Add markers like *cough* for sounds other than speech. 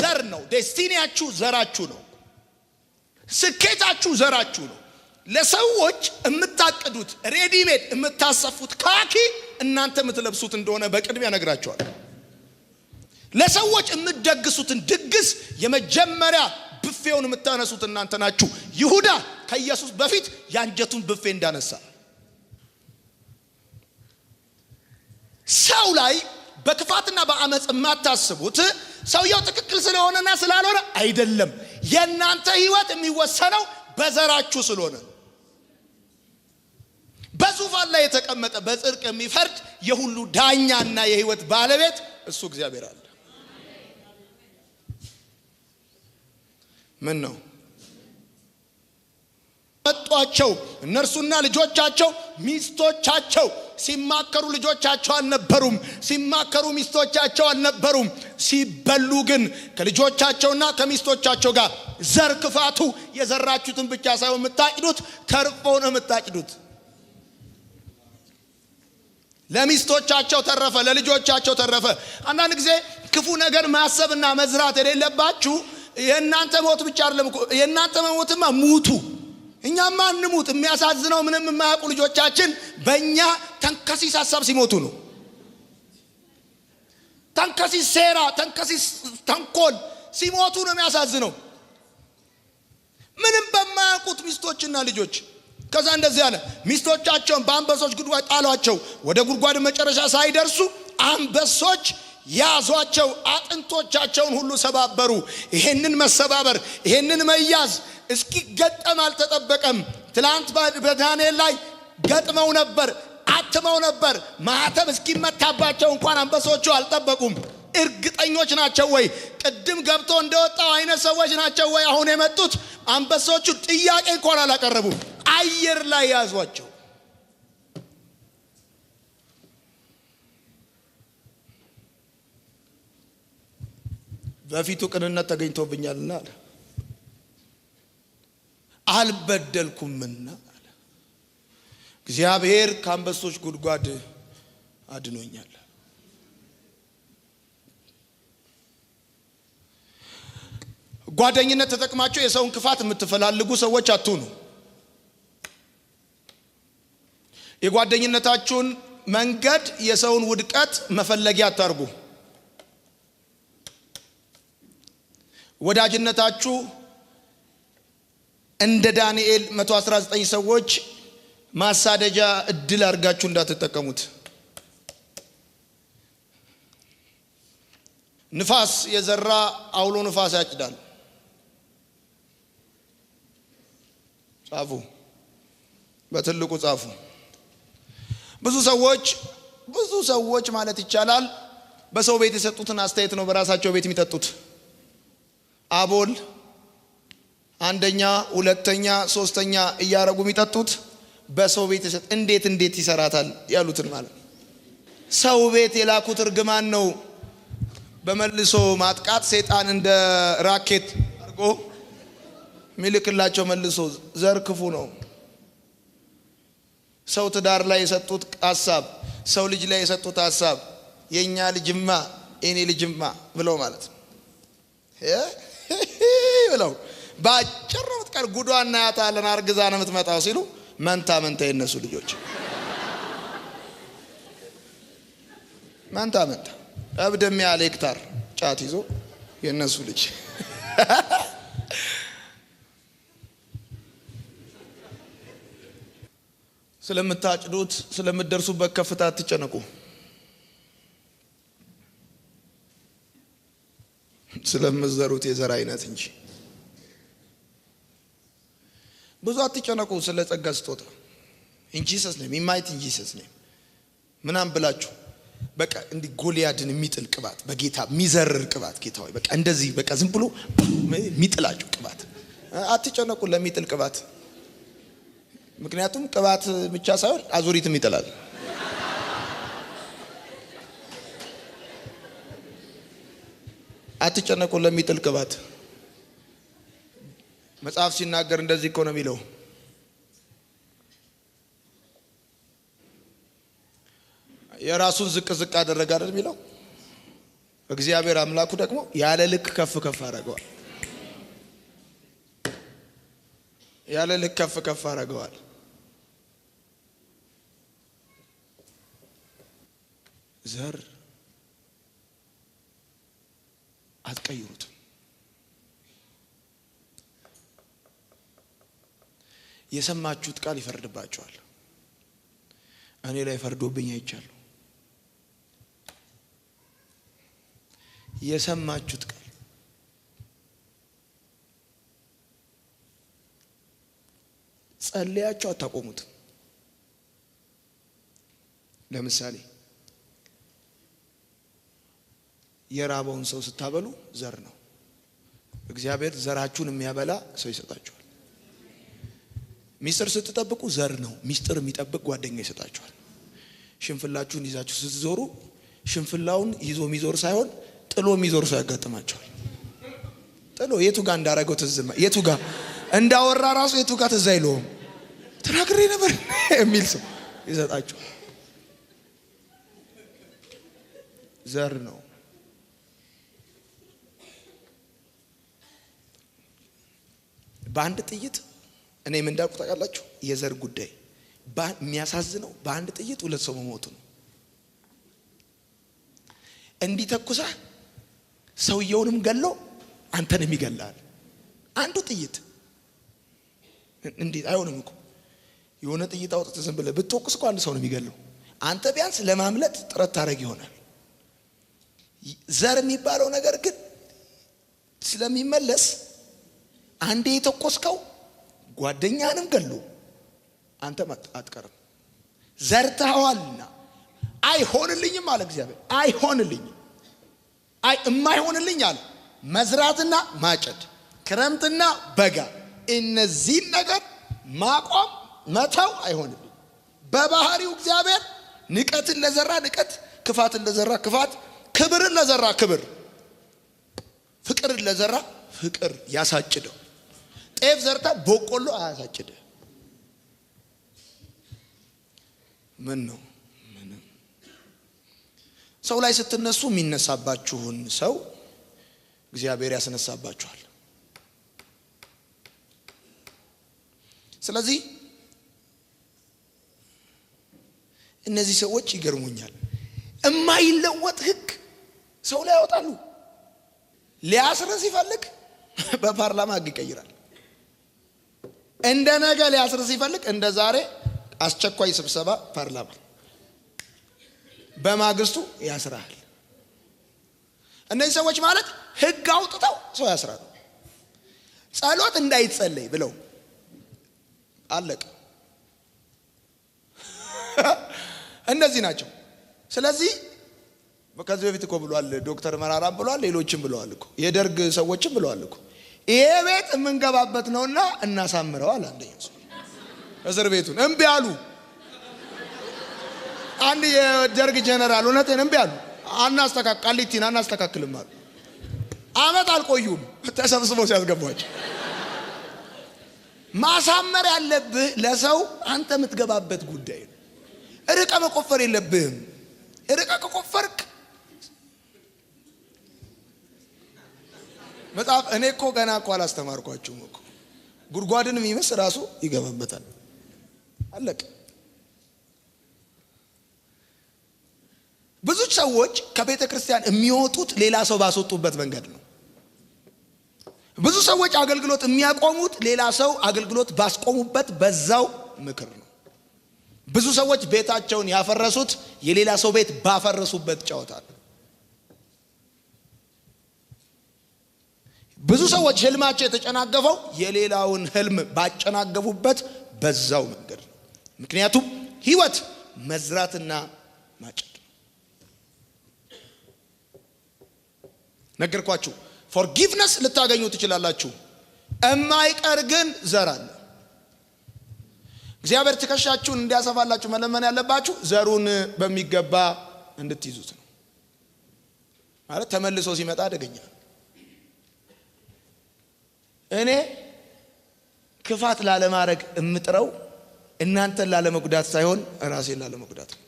ዘር ነው። ዴስቲኒያችሁ ዘራችሁ ነው። ስኬታችሁ ዘራችሁ ነው። ለሰዎች የምታቅዱት ሬዲሜድ የምታሰፉት ካኪ እናንተ የምትለብሱት እንደሆነ በቅድሚያ ነግራቸዋል። ለሰዎች የምትደግሱትን ድግስ የመጀመሪያ ብፌውን የምታነሱት እናንተ ናችሁ። ይሁዳ ከኢየሱስ በፊት የአንጀቱን ብፌ እንዳነሳ ሰው ላይ በክፋትና በአመፅ የማታስቡት ሰውየው ትክክል ስለሆነና ስላልሆነ አይደለም። የእናንተ ህይወት የሚወሰነው በዘራችሁ ስለሆነ በዙፋን ላይ የተቀመጠ በጽድቅ የሚፈርድ የሁሉ ዳኛና የህይወት ባለቤት እሱ እግዚአብሔር አለ። ምን ነው አመጧቸው። እነርሱና ልጆቻቸው፣ ሚስቶቻቸው ሲማከሩ ልጆቻቸው አልነበሩም። ሲማከሩ ሚስቶቻቸው አልነበሩም። ሲበሉ ግን ከልጆቻቸውና ከሚስቶቻቸው ጋር ዘር ክፋቱ የዘራችሁትን ብቻ ሳይሆን የምታጭዱት ተርፎ ነው የምታጭዱት። ለሚስቶቻቸው ተረፈ፣ ለልጆቻቸው ተረፈ። አንዳንድ ጊዜ ክፉ ነገር ማሰብና መዝራት የሌለባችሁ የእናንተ ሞት ብቻ አይደለም። የእናንተ መሞትማ ሙቱ እኛማ እንሙት። የሚያሳዝነው ምንም የማያውቁ ልጆቻችን በእኛ ተንከሲስ ሀሳብ ሲሞቱ ነው። ተንከሲስ ሴራ፣ ተንከሲስ ተንኮል ሲሞቱ ነው የሚያሳዝነው። ምንም በማያውቁት ሚስቶችና ልጆች ከዛ እንደዚህ አለ። ሚስቶቻቸውን በአንበሶች ጉድጓድ ጣሏቸው። ወደ ጉድጓድ መጨረሻ ሳይደርሱ አንበሶች ያዟቸው፣ አጥንቶቻቸውን ሁሉ ሰባበሩ። ይሄንን መሰባበር ይሄንን መያዝ እስኪገጠም አልተጠበቀም። ትላንት በዳንኤል ላይ ገጥመው ነበር፣ አትመው ነበር። ማህተም እስኪመታባቸው እንኳን አንበሶቹ አልጠበቁም። እርግጠኞች ናቸው ወይ? ቅድም ገብቶ እንደወጣው አይነት ሰዎች ናቸው ወይ? አሁን የመጡት አንበሶቹ ጥያቄ እንኳን አላቀረቡም። አየር ላይ ያዟቸው። በፊቱ ቅንነት ተገኝቶብኛልና አለ። አልበደልኩምና አለ። እግዚአብሔር ከአንበሶች ጉድጓድ አድኖኛል። ጓደኝነት ተጠቅማቸው የሰውን ክፋት የምትፈላልጉ ሰዎች አትሁኑ። የጓደኝነታችሁን መንገድ የሰውን ውድቀት መፈለጊያ አታርጉ። ወዳጅነታችሁ እንደ ዳንኤል 119 ሰዎች ማሳደጃ እድል አድርጋችሁ እንዳትጠቀሙት። ንፋስ የዘራ አውሎ ንፋስ ያጭዳል። ጻፉ፣ በትልቁ ጻፉ። ብዙ ሰዎች ብዙ ሰዎች ማለት ይቻላል በሰው ቤት የሰጡትን አስተያየት ነው በራሳቸው ቤት የሚጠጡት። አቦል አንደኛ፣ ሁለተኛ፣ ሶስተኛ እያረጉ የሚጠጡት በሰው ቤት ይሰጥ እንዴት እንዴት ይሰራታል ያሉትን ማለት ሰው ቤት የላኩት እርግማን ነው። በመልሶ ማጥቃት ሴጣን እንደ ራኬት አድርጎ ሚልክላቸው መልሶ ዘር ክፉ ነው። ሰው ትዳር ላይ የሰጡት ሀሳብ፣ ሰው ልጅ ላይ የሰጡት ሀሳብ የእኛ ልጅማ የኔ ልጅማ ብለው ማለት ነው። ብለው በአጭር ቃል ጉዷ እናያታለን አርግዛ ነው የምትመጣው ሲሉ መንታ መንታ የነሱ ልጆች መንታ መንታ እብድም ያለ ሄክታር ጫት ይዞ የነሱ ልጅ ስለምታጭዱት ስለምትደርሱበት ከፍታ አትጨነቁ። ስለምዘሩት የዘር አይነት እንጂ ብዙ አትጨነቁ ስለ ጸጋ ስጦታ ኢንጂሰስ ኔም ኢማይት ኢንጂሰስ ኔም ምናምን ብላችሁ በቃ እንዲህ ጎልያድን የሚጥል ቅባት በጌታ የሚዘርር ቅባት ጌታ ሆይ በቃ እንደዚህ በቃ ዝም ብሎ የሚጥላችሁ ቅባት አትጨነቁ ለሚጥል ቅባት ምክንያቱም ቅባት ብቻ ሳይሆን አዙሪትም ይጥላል አትጨነቁ ለሚጥል ቅባት መጽሐፍ ሲናገር እንደዚህ እኮ ነው የሚለው የራሱን ዝቅ ዝቅ አደረገ አይደል የሚለው እግዚአብሔር አምላኩ ደግሞ ያለ ልክ ከፍ ከፍ አረገዋል ያለ ልክ ከፍ ከፍ አረገዋል ዘር አትቀይሩት የሰማችሁት ቃል ይፈርድባችኋል። እኔ ላይ ፈርዶብኝ አይቻለሁ። የሰማችሁት ቃል ጸልያቸው አታቆሙትም። ለምሳሌ የራበውን ሰው ስታበሉ ዘር ነው። እግዚአብሔር ዘራችሁን የሚያበላ ሰው ይሰጣችኋል። ሚስጥር ስትጠብቁ ዘር ነው። ሚስጥር የሚጠብቅ ጓደኛ ይሰጣችኋል። ሽንፍላችሁን ይዛችሁ ስትዞሩ ሽንፍላውን ይዞ የሚዞር ሳይሆን ጥሎ የሚዞር ሰው ያጋጥማቸዋል። ጥሎ የቱ ጋር እንዳረገው ትዝማ የቱ ጋር እንዳወራ ራሱ የቱ ጋር ትዛ አይለውም። ተናግሬ ነበር *laughs* የሚል ሰው ይሰጣቸዋል። ዘር ነው። በአንድ ጥይት እኔ ምን እንዳልኩ ታውቃላችሁ? የዘር ጉዳይ የሚያሳዝነው በአንድ ጥይት ሁለት ሰው መሞቱ ነው። እንዲተኩሳ ሰውየውንም ገለው አንተንም ይገላል። አንዱ ጥይት እንዴት አይሆንም እኮ የሆነ ጥይት አውጥተህ ዝም ብለ ብትወቅስ እኮ አንድ ሰው ነው የሚገለው። አንተ ቢያንስ ለማምለጥ ጥረት ታደረግ ይሆናል። ዘር የሚባለው ነገር ግን ስለሚመለስ አንዴ የተኮስከው ጓደኛንም ገሉ፣ አንተ አትቀርም። ዘርተዋልና አይሆንልኝም አለ እግዚአብሔር። አይሆንልኝም አይ እማይሆንልኝ አለ። መዝራትና ማጨድ፣ ክረምትና በጋ፣ እነዚህን ነገር ማቆም መተው አይሆንልኝ። በባህሪው እግዚአብሔር ንቀትን ለዘራ ንቀት፣ ክፋትን ለዘራ ክፋት፣ ክብርን ለዘራ ክብር፣ ፍቅርን ለዘራ ፍቅር ያሳጭደው። ጤፍ ዘርታ በቆሎ አያሳጭድ። ምን ነው ምንም። ሰው ላይ ስትነሱ የሚነሳባችሁን ሰው እግዚአብሔር ያስነሳባችኋል። ስለዚህ እነዚህ ሰዎች ይገርሙኛል። የማይለወጥ ሕግ ሰው ላይ ያወጣሉ። ሊያስር ሲፈልግ በፓርላማ ሕግ ይቀይራል። እንደ ነገ ሊያስር ሲፈልግ እንደ ዛሬ አስቸኳይ ስብሰባ ፓርላማ በማግስቱ ያስራል። እነዚህ ሰዎች ማለት ህግ አውጥተው ሰው ያስራሉ። ጸሎት እንዳይጸለይ ብለው አለቀ። *laughs* እነዚህ ናቸው። ስለዚህ ከዚህ በፊት እኮ ብሏል ዶክተር መራራም ብሏል፣ ሌሎችም ብለዋል እኮ የደርግ ሰዎችም ብለዋል እኮ ይሄ ቤት የምንገባበት ነውና እናሳምረዋል። አንደኛ ሰው እስር ቤቱን እምቢ አሉ። አንድ የደርግ ጀነራል እውነቴን እምቢ አሉ። አናስተካ ቃሊቲን አናስተካክልም አሉ። አመት አልቆዩም ተሰብስበው ሲያስገቧቸው ማሳመር ያለብህ ለሰው አንተ የምትገባበት ጉዳይ ነው። ርቀ መቆፈር የለብህም። ርቀ ከቆፈርክ በጣም እኔ እኮ ገና እኮ አላስተማርኳችሁም እኮ ጉድጓድን የሚመስ ራሱ ይገባበታል። አለቅ ብዙ ሰዎች ከቤተ ክርስቲያን የሚወጡት ሌላ ሰው ባስወጡበት መንገድ ነው። ብዙ ሰዎች አገልግሎት የሚያቆሙት ሌላ ሰው አገልግሎት ባስቆሙበት በዛው ምክር ነው። ብዙ ሰዎች ቤታቸውን ያፈረሱት የሌላ ሰው ቤት ባፈረሱበት ጨዋታ ነው። ብዙ ሰዎች ህልማቸው የተጨናገፈው የሌላውን ህልም ባጨናገፉበት በዛው መንገድ ነው። ምክንያቱም ህይወት መዝራትና ማጨድ ነገርኳችሁ። ፎርጊቭነስ ልታገኙ ትችላላችሁ። እማይቀር ግን ዘር አለ። እግዚአብሔር ትከሻችሁን እንዲያሰፋላችሁ መለመን ያለባችሁ ዘሩን በሚገባ እንድትይዙት ነው። ማለት ተመልሶ ሲመጣ አደገኛ እኔ ክፋት ላለማድረግ የምጥረው እናንተን ላለመጉዳት ሳይሆን ራሴን ላለመጉዳት ነው።